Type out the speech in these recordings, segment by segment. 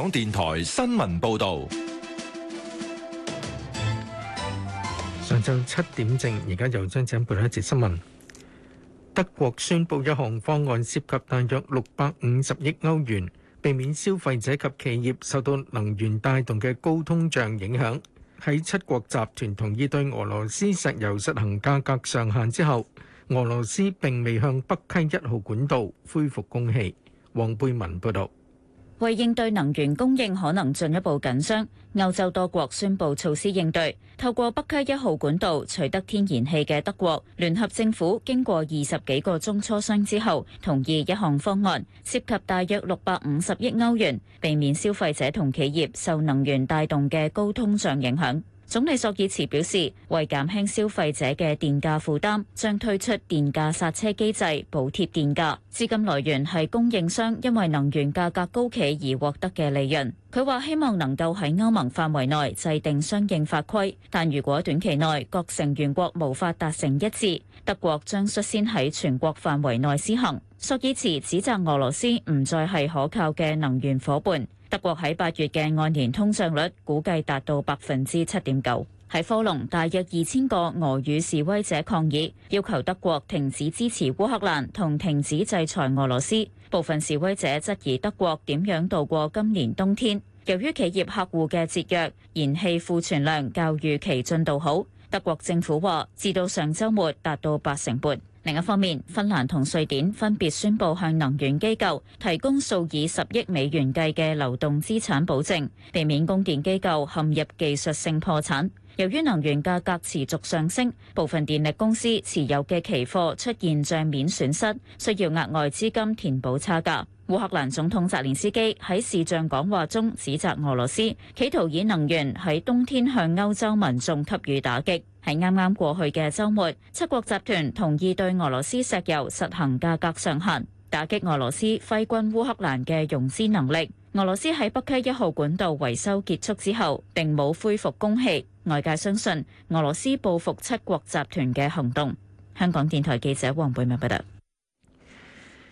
香港電台新聞報道：上晝七點正，而家又將請播一節新聞。德國宣布一項方案，涉及大約六百五十億歐元，避免消費者及企業受到能源帶動嘅高通脹影響。喺七國集團同意對俄羅斯石油實行價格上限之後，俄羅斯並未向北溪一號管道恢復供氣。黃貝文報道。為應對能源供應可能進一步緊張，歐洲多國宣佈措施應對。透過北溪一號管道取得天然氣嘅德國聯合政府，經過二十幾個鐘磋商之後，同意一項方案，涉及大約六百五十億歐元，避免消費者同企業受能源帶動嘅高通脹影響。總理索爾茨表示，為減輕消費者嘅電價負擔，將推出電價剎車機制補貼電價，資金來源係供應商因為能源價格高企而獲得嘅利潤。佢話希望能夠喺歐盟範圍內制定相應法規，但如果短期內各成員國無法達成一致，德國將率先喺全國範圍內施行。索爾茨指責俄羅斯唔再係可靠嘅能源夥伴。德國喺八月嘅按年通脹率估計達到百分之七點九。喺科隆，大約二千個俄語示威者抗議，要求德國停止支持烏克蘭同停止制裁俄羅斯。部分示威者質疑德國點樣度過今年冬天，由於企業客戶嘅節約，燃氣庫存量較預期進度好。德國政府話，至到上週末達到八成半。另一方面，芬蘭同瑞典分別宣佈向能源機構提供數以十億美元計嘅流動資產保證，避免供電機構陷入技術性破產。由於能源價格持續上升，部分電力公司持有嘅期貨出現賬面損失，需要額外資金填補差價。烏克蘭總統澤連斯基喺視像講話中指責俄羅斯企圖以能源喺冬天向歐洲民眾給予打擊。喺啱啱過去嘅周末，七國集團同意對俄羅斯石油實行價格上限，打擊俄羅斯揮軍烏克蘭嘅融資能力。俄羅斯喺北溪一號管道維修結束之後，並冇恢復供氣。外界相信俄羅斯報復七國集團嘅行動。香港電台記者黃貝文報道。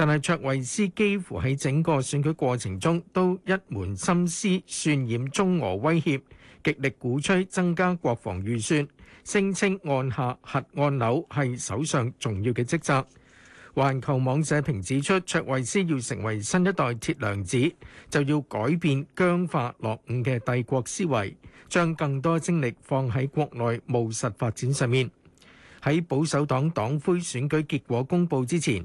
但係卓慧思幾乎喺整個選舉過程中都一門心思渲染中俄威脅，極力鼓吹增加國防預算，聲稱按下核按鈕係首相重要嘅職責。環球網社評指出，卓慧思要成為新一代鐵娘子，就要改變僵化落伍嘅帝國思維，將更多精力放喺國內務實發展上面。喺保守黨黨魁選舉結果公佈之前，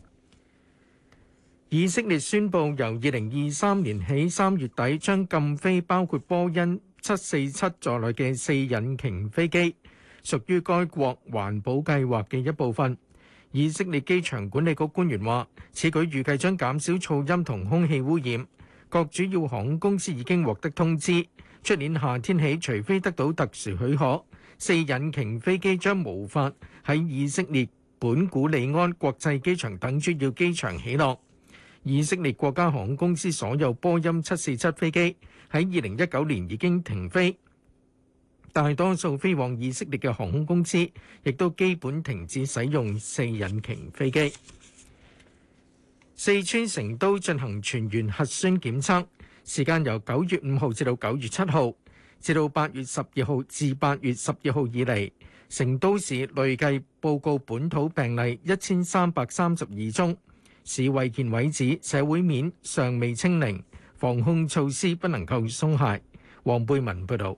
以色列宣布，由二零二三年起三月底將禁飛包括波音七四七在內嘅四引擎飛機，屬於該國環保計劃嘅一部分。以色列機場管理局官員話，此舉預計將減少噪音同空氣污染。各主要航空公司已經獲得通知，出年夏天起，除非得到特殊許可，四引擎飛機將無法喺以色列本古里安國際機場等主要機場起落。以色列國家航空公司所有波音七四七飛機喺二零一九年已經停飛，大多數飛往以色列嘅航空公司亦都基本停止使用四引擎飛機。四川成都進行全員核酸檢測，時間由九月五號至到九月七號，至到八月十二號至八月十二號以嚟，成都市累計報告本土病例一千三百三十二宗。市衛健委指社會面尚未清零，防控措施不能夠鬆懈。黃貝文報道。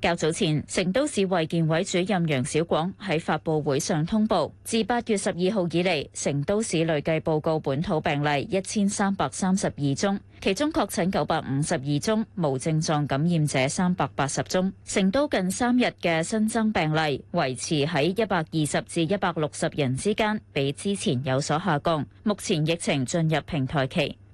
較早前，成都市衛健委主任楊小廣喺發佈會上通報，自八月十二號以嚟，成都市累計報告本土病例一千三百三十二宗，其中確診九百五十二宗，無症狀感染者三百八十宗。成都近三日嘅新增病例維持喺一百二十至一百六十人之間，比之前有所下降。目前疫情進入平台期。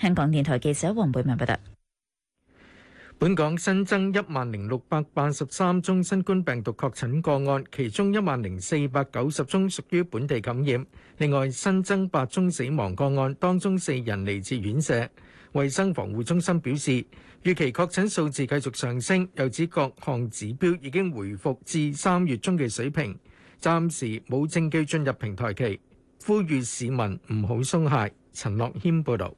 香港電台記者王貝文報道。本港新增一萬零六百八十三宗新冠病毒確診個案，其中一萬零四百九十宗屬於本地感染。另外新增八宗死亡個案，當中四人嚟自院舍。衛生防護中心表示，預期確診數字繼續上升，又指各項指標已經回復至三月中嘅水平，暫時冇證據進入平台期。呼籲市民唔好鬆懈。陳樂謙報道。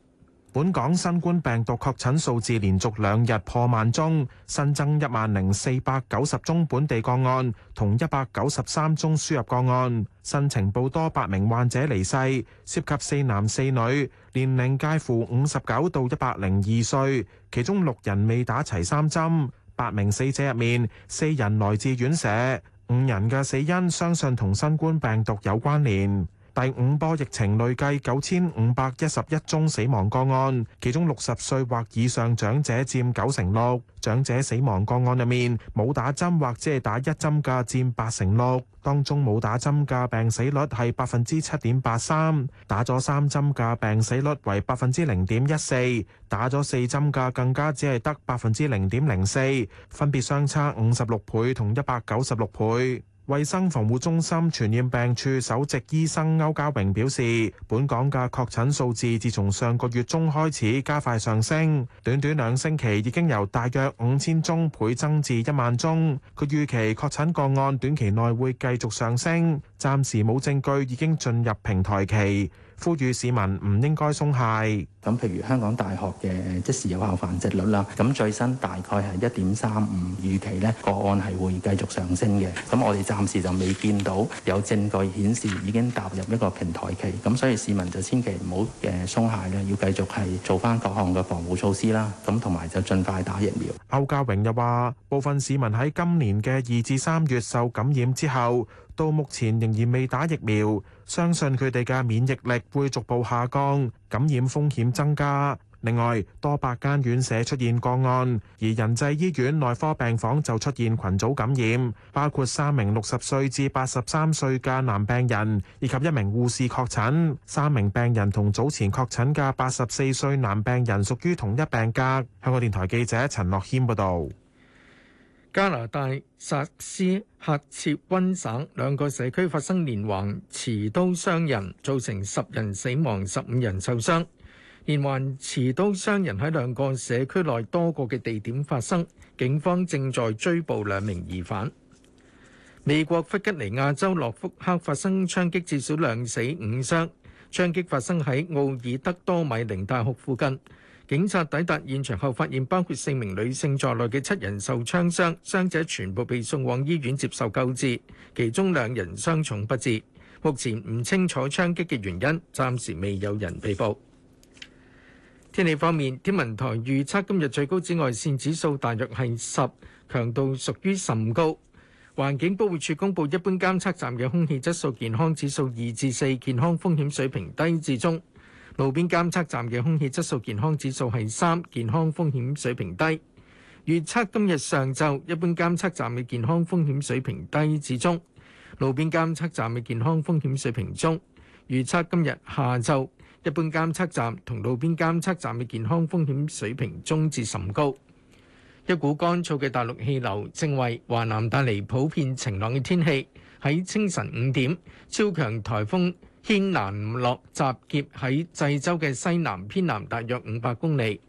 本港新冠病毒確診數字連續兩日破萬宗，新增一萬零四百九十宗本地個案，同一百九十三宗輸入個案。新情報多八名患者離世，涉及四男四女，年齡介乎五十九到一百零二歲，其中六人未打齊三針。八名死者入面，四人來自院舍，五人嘅死因相信同新冠病毒有關聯。第五波疫情累計九千五百一十一宗死亡個案，其中六十歲或以上長者佔九成六。長者死亡個案入面，冇打針或者係打一針嘅佔八成六，當中冇打針嘅病死率係百分之七點八三，打咗三針嘅病死率為百分之零點一四，打咗四針嘅更加只係得百分之零點零四，分別相差五十六倍同一百九十六倍。衛生防護中心傳染病處首席醫生歐家榮表示，本港嘅確診數字自從上個月中開始加快上升，短短兩星期已經由大約五千宗倍增至一萬宗。佢預期確診個案短期內會繼續上升，暫時冇證據已經進入平台期。呼籲市民唔應該鬆懈。咁譬如香港大學嘅即時有效繁殖率啦，咁最新大概係一點三五，預期呢個案係會繼續上升嘅。咁我哋暫時就未見到有證據顯示已經踏入一個平台期，咁所以市民就千祈唔好嘅鬆懈咧，要繼續係做返各項嘅防護措施啦。咁同埋就盡快打疫苗。歐家榮又話：部分市民喺今年嘅二至三月受感染之後，到目前仍然未打疫苗，相信佢哋嘅免疫力會逐步下降，感染風險增加。另外，多百間院舍出現個案，而仁濟醫院內科病房就出現群組感染，包括三名六十歲至八十三歲嘅男病人，以及一名護士確診。三名病人同早前確診嘅八十四歲男病人屬於同一病格，香港電台記者陳樂謙報道。加拿大薩斯喀徹溫省兩個社區發生連環持刀傷人，造成十人死亡、十五人受傷。連環持刀傷人喺兩個社區內多個嘅地點發生，警方正在追捕兩名疑犯。美國弗吉尼亞州洛福克發生槍擊，至少兩死五傷。槍擊發生喺奧爾德多米寧大學附近。警察抵達現場後，發現包括四名女性在內嘅七人受槍傷，傷者全部被送往醫院接受救治，其中兩人傷重不治。目前唔清楚槍擊嘅原因，暫時未有人被捕。天氣方面，天文台預測今日最高紫外線指數大約係十，強度屬於甚高。環境保護署公佈一般監測站嘅空氣質素健康指數二至四，健康風險水平低至中。路邊監測站嘅空氣質素健康指數係三，健康風險水平低。預測今日上晝一般監測站嘅健康風險水平低至中，路邊監測站嘅健康風險水平中。預測今日下晝一般監測站同路邊監測站嘅健康風險水平中至甚高。一股乾燥嘅大陸氣流正為華南帶嚟普遍晴朗嘅天氣。喺清晨五點，超強颱風。軒嵐諾集結喺濟州嘅西南偏南，大約五百公里。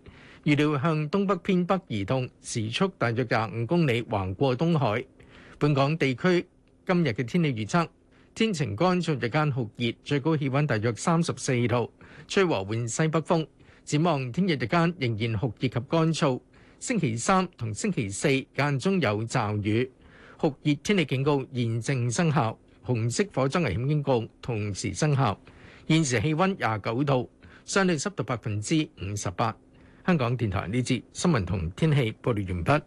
預料向東北偏北移動，時速大約廿五公里，橫過東海。本港地區今日嘅天氣預測：天晴乾燥，日間酷熱，最高氣温大約三十四度，吹和緩西北風。展望聽日日間仍然酷熱及乾燥，星期三同星期四間中有驟雨，酷熱天氣警告現正生效。紅色火災危險警告同時生效。現時氣温廿九度，相對濕度百分之五十八。香港電台呢節新聞同天氣報道完畢。